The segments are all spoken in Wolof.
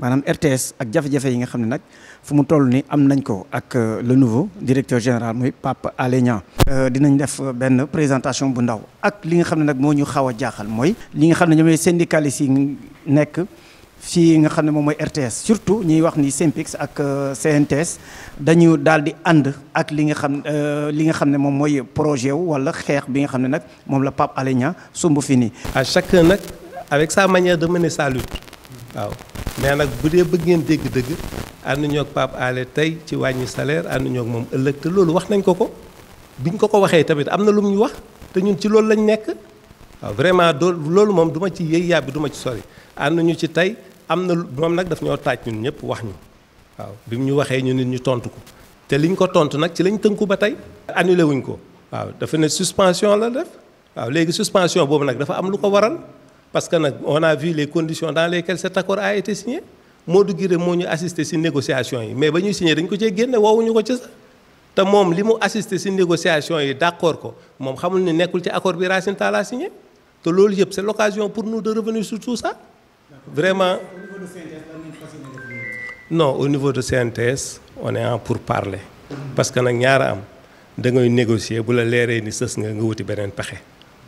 maanaam RTS ak jafé jafé yi nga xamné nak nag fu mu toll ni am nañ ko ak euh, le nouveau directeur général muy Pape Alé euh dinañ def ben présentation bu ndaw ak li nga xamné nak nag moo ñu xaw jaaxal mooy li nga xamné ñoy ñoom syndicalistes yi nek fii nga xamné mom moy RTS surtout ñi wax ni SYNPICS ak euh, CNTS dañu daldi and ak li nga xam euh, li nga xamné mom moy projet wu wala xex bi nga xamné nak mom la Pape Alé sumbu fini fi nii. à chacun nag avec sa manière de mener sa lutte. waaw mais nag bu dee bëgg ngeen dégg-dëgg ànduñoo ak Pape Alé tey ci wàññi salaire ànduñoo ak moom ëllëg te loolu wax nañ ko ko bi biñ ko ko waxee tamit am na lu ñu wax te ñun ci loolu lañ nekk vraiment dool loolu moom du ci yëy yàbbi du ma ci sori ànduñu ci tey am na moom nag daf ñoo taaj ñun ñëpp wax ñu waaw bi mu ñu waxee ñu nit ñu tontu ko te liñ ko tontu nag ci lañ tënku ba tey annulé wuñ ko waaw dafa ne suspension la def waaw léegi suspension boobu nag dafa am lu ko waral parce qu'on a vu les conditions dans lesquelles cet accord a été signé Modou Guiré nous ñu assisté à négociation négociations. mais ba nous signé dañ ko dit génne woowuñu ko ci sax te moom li a assisté à négociation négociations, d'accord ko xamul ne nekkul ci accord bi Racine la signé te loolu c'est l'occasion pour nous de revenir sur tout ça vraiment non au niveau de CNTS on est en parler. parce qu'on a ñaara am da ngay négocier bu la leeree ni un nga nga wuti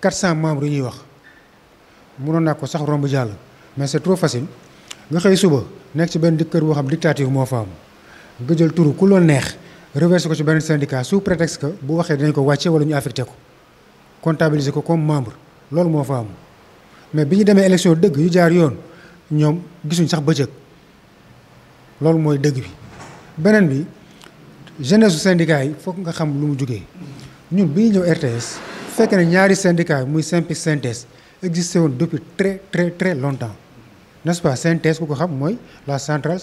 400 membres ñuy wax mënon nako sax rombu jall mais c'est trop facile nga xey suba nek ci ben kër bo xam dictature mo fa am nga jël turu ku lo neex reverse ko ci ben syndicat sous prétexte que bu waxé dañ ko waccé wala ñu affecté ko comptabiliser ko comme membre lool mo fa am mais biñu démé élection deug yu jaar yoon ñom gisuñ sax bëcëk lool moy deug bi benen bi jeunesse syndicat yi fokk nga xam lu mu juggé ñun biñu ñëw RTS fekkee ne ñaari syndicat muy SYNPICS synthèse, existé woon depuis très très très longtemps n'est-ce pas Synthèse, vous ko xam mooy la centrale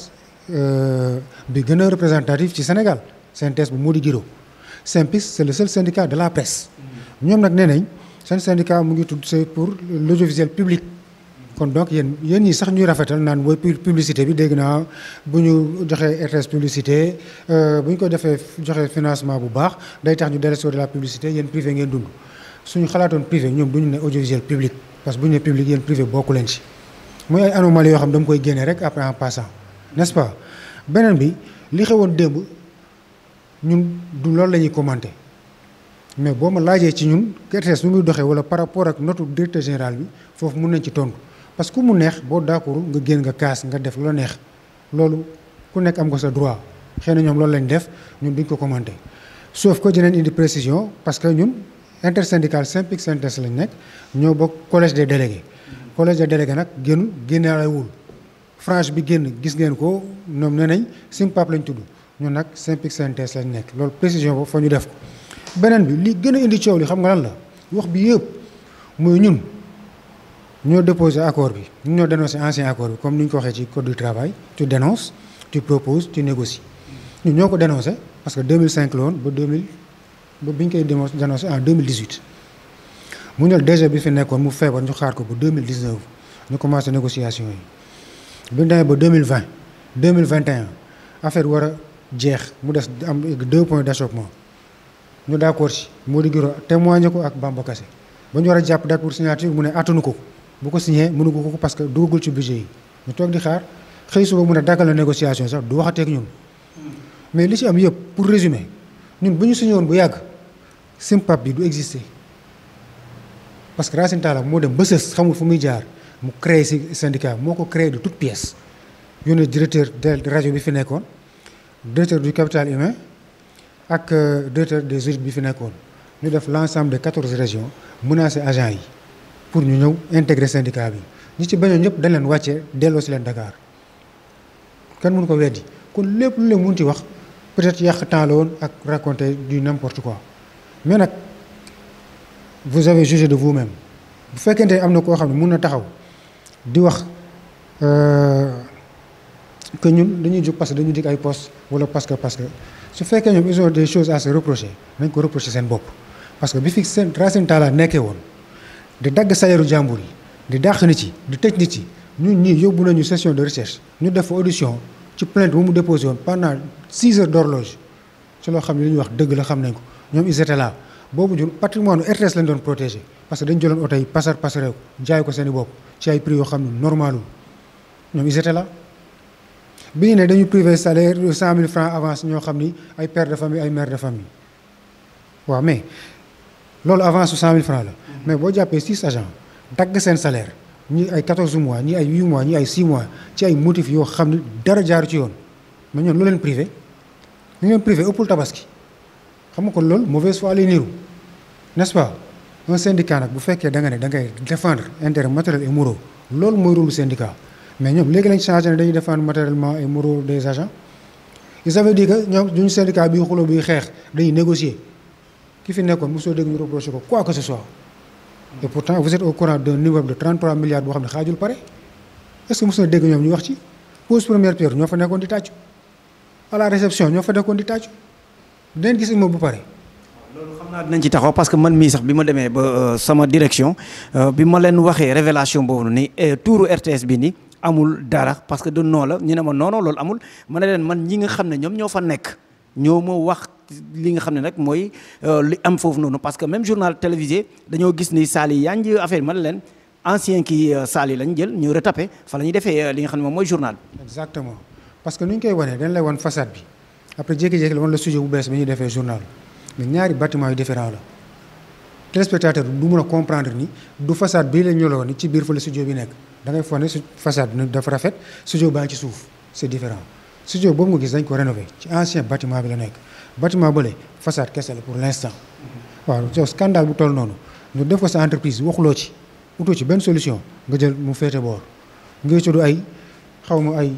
euh, bi gën a représentative ci Sénégal de bu Mody Guiro SYNPICS c'est le seul syndicat de la presse ñoom nag nee nañ syndicat mu ngi tudd pour l'audiovisuel public kon donc yéen yéen ñi sax ñuy rafetal naan mooy publicité bi dégg naa bu ñu joxee RTS publicité euh, bu ñu ko defee joxee financement bu baax day tax ñu dellu de la publicité yéen privé ngeen dund suñu xalaatoon privé ñoom duñu ne audiovisuel public parce que bu ñu ne public yéen privé bokku leen ci muy ay anomalie yoo xam dama koy génne rek après en passant nest pas beneen bi li xewoon démb ñun du loolu la ñuy commenté mais boo ma laajee ci ñun RTS nu muy doxee wala par rapport ak notu directeur général bi foofu mun nañ ci tontu parce que ku mu neex boo d'accord nga génn nga kaas nga def loo neex loolu ku nekk am ko sa droit xëy na ñoom loolu lañ def ñun duñ ko commenté sauf que dinañ parce que intersyndical saint SYNTES lañ nek ñoo le collège des délégués collège des délégués nak génn génnaalewul franche bi génn gis ngeen ko ñom nee nañ pap lañ tuddu ñun lañ nek lool précision bo fa ñu def ko. benen bi li gëna indi coow li xam nga lan la wax bi yépp moy ñun ñoo déposé accord bi avons ñoo dénoncé ancien accord bi comme nous ko waxé ci code du travail tu dénonces tu proposes tu négocies ñun ñoo ko dénoncé parce que 2005 la 2000 ba bi ñu koy dénoncé en 2018 mu ne DG bi fi nekkoon mu feebar ñu xaar ko ba 2019 ñu commencé négociation yi bi ñu demee ba 2020 2021 affaire war a jeex mu des am deux points d'achoppement ñu d'accord si Modou Guro, témoigné ko ak Bamba Kassé ba ñu war a jàpp date pour signature mu ne attanu ko bu ko signé mënu ko parce que duggul ci budget yi ñu toog di xaar xëy suba mu ne dàggal na négociation sax du waxatee ñun mais li ci am yëpp pour résumer ñun bu ñu signé woon bu yàgg seen bi du exister parce que Racine Talla moo dem ba sës xamul fu muy jaar mu créé si syndicat moko créer de toute pièce yónnee directeur de rajo bi fi nekkoon directeur du capital humain ak euh, directeur des urines bi fi nekkoon ñu def l'ensemble de 14 régions menacer agents yi pour ñu ñëw intégrer syndicat bi ñi ci bañoon ñep dañ leen wàccee delloo si leen Dakar kan mënu ko weddi kon lepp lu leen mun ci wax peut-être yak temps la woon ak raconter du n'importe quoi mais nak vous avez jugé de vous-même bu fekkente ne am na koo xam ne mun na taxaw di wax euh, que ñun dañuy jóg parce que dañu dig ay poste wala parce que parce que su fekkee ñoom ils ont des choses à se reprocher nañ ko reprocher seen bopp parce que bi fi seen Racine tala nekkee woon di dagg salaire u jàmbur yi di dàq nit ci di tëj nit ci ñun ñii yóbbu nañu session de recherche ñu def audition ci plainte bu mu déposé woon pendant six heures d'horloge ci loo xam ne li ñuy wax dëgg la xam nañ ko ñoom ils étaient là boobu jul patrimoine RTS lañ doon protégé parce que dañ jëloon oto yi pasar pasaree ko jaay ko seen bopp ci ay prix yoo xam ne normalul ñoom ils étaient la bi ñu ne dañu privé salaire cent mille francs avance ñoo xam ni ay père de famille ay mère de famille waaw mais loolu avance su cent mille francs la mais boo jàppee six agents dagg seen salaire ñi ay quatorze mois ñi ay huit mois ñi ay six mois ci ay motifs yoo xam ne dara jaaru ci yoon mais ñoom lu leen privé lu leen privé ëppul tabaski xam nga kon loolu mauvaise foi lay niru n'est-ce pas un syndicat nag bu fekkee da nga ne da ngay défendre intérêt matériel et moraux loolu mooy rôle syndicat mais ñoom léegi lañ changé ne dañuy défendre matériellement et moraux des agents ils avaient dit que ñoom duñu syndicat bi xuloo bi xeex dañuy négocier ki fi nekkoon mosoo dégg ñu reproché ko quoi que ce soit et pourtant vous êtes au courant d'un niveau de 33 milliards boo xam ne xaajul pare est-ce que mos na dégg ñoom ñu wax ci pause première pierre ñoo fa nekkoon di tàccu à la réception ñoo fa nekkoon di tàccu bu dinañ parce que man sax ma ba euh, sama direction euh, bi ma nous la révélation boobu euh, RTS bi amul dara parce que de nous la ñu nous non non ma man ñi nga nous ne fa nous dit wax li ne li am parce que même journal télévisé nous ni nous affaire pas, nous ancien qui saal nous lañ jël ñu retapé fa la nous li nga pas, journal. exactement parce que nous koy nous façade après j'ai jékki le man la studio bu bees bi ñuy defee journal mais ñaari bâtiment différent là les spectateurs mën a comprendre ni du façade bii la ñoloo ni ci biir fa la studio bi nekk da ngay foog ne façade bi dafa rafet studio baa ci suuf c'est différent studio boobu nga gis dañ ko rénové ci ancien bâtiment bi la nekk bâtiment bële façade kese la pour l'instant waaw so scandale bu toll noonu ñu def ko sa entreprise waxuloo ci utoo ci benn solution nga jël mu féete boor ngay tudd ay xaw ma ay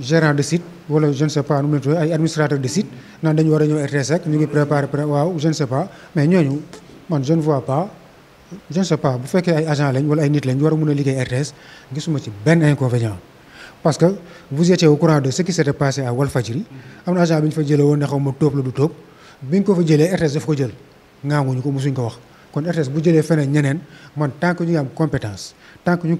gérant de site wala je ne sais pas Nous administrateur de site nous dañu je ne sais pas mais nous, je ne vois pas je ne sais pas bu fekkee ay agent lañ wala ay nit lañ mën inconvénient parce que vous étiez au courant de ce qui s'était passé à Walfadjri am agent bi fa ne du ko fa RTS ko jël ko ko wax kon tant ñu am compétence tant ñu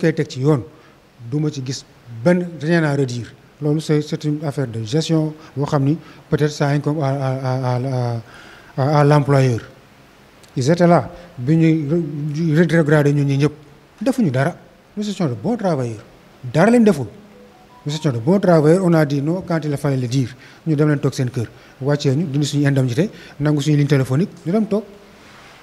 rien à redire c'est une affaire de gestion peut-être ça incombe à à ils étaient là Ils ont rétrogradé ñun nous étions de bons travailleurs nous étions de bons travailleurs on a dit non quand il fallait le dire Nous cœur. nous ligne téléphonique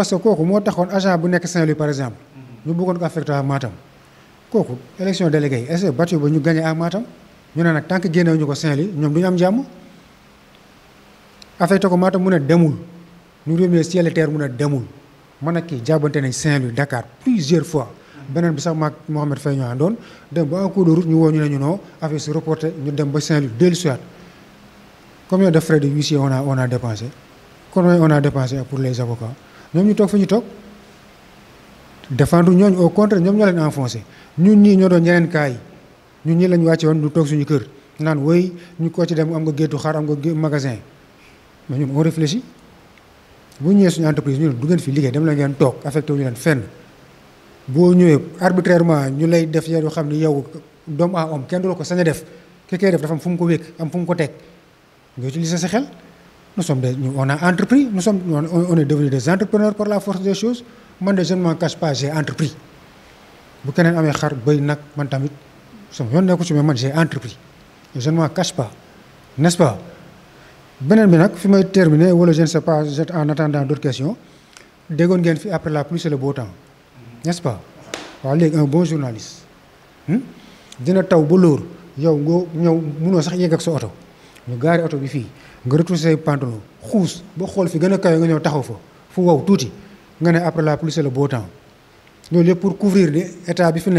parce que kooku moo taxoon agent bu nek Saint-Louis par exemple. ñu bëggoon ko affecté à Matam. kooku élection délégué est-ce que battu ba ñu gagné à Matam ñu ne nag tant que génneewuñu ko Saint-Louis ñom duñ am jamm affecté ko Matam mu ne demul ñu remercié ciel et terre mu ne demul man ak kii jàbbante nañ Saint-Louis Dakar plusieurs fois. benen bi sax maag Mohamed Faye ñu àndoon dem ba un coup de route ñu woñu ñu ne ñu non affaire si reporté ñu dem ba Saint-Louis dellu si waat combien de frais de huissier on a on a dépensé combien on a dépensé pour les avocats. ñom ñu tok fi ñu tok défendre ñoñ au contraire ñom ñoo leen enfoncer ñun ñi ñoo doon ñeneen kaay ñun ñi lañ wacce won du tok suñu kër naan way ñu ko ci dem am nga géetu xaar am nga magasin mais ñun on réfléchit bu ñëw suñu entreprise ñun du gën fi liggéey dem la ngeen tok affecté ñu leen fenn bo ñëwee arbitrairement ñu lay def yéru xamni yow dom a om kenn do ko sañ def ki def dafa am fu mu ko wék am fu mu ko tek nga utiliser sa xel Nous sommes des, nous, on a entrepris, nous sommes, on, on, est devenus des entrepreneurs par la force des choses. Moi, je ne m'en cache pas, j'ai entrepris. Vous keneen amee xar bëy nag man tamit sama yoon nekku ci mais man j'ai entrepris je ne m'en cache pas n'est-ce pas beneen bi nak fi may terminer wala je ne sais pas j'ai en attendant d'autres questions dégon ngeen fi après la pluie c'est le beau temps n'est-ce pas wa léegi un bon journaliste hmm? dina taw ba lour yow ngoo ñëw mëno sax yegg ak sa auto ñu gaari auto bi fi nga retouché say pantalon xuus ba xool fi gën a kawe nga ñëw taxaw fa fu wow tuuti nga ne après la pluie c'est le temps loolu yëpp pour couvrir ni état bi fi nekk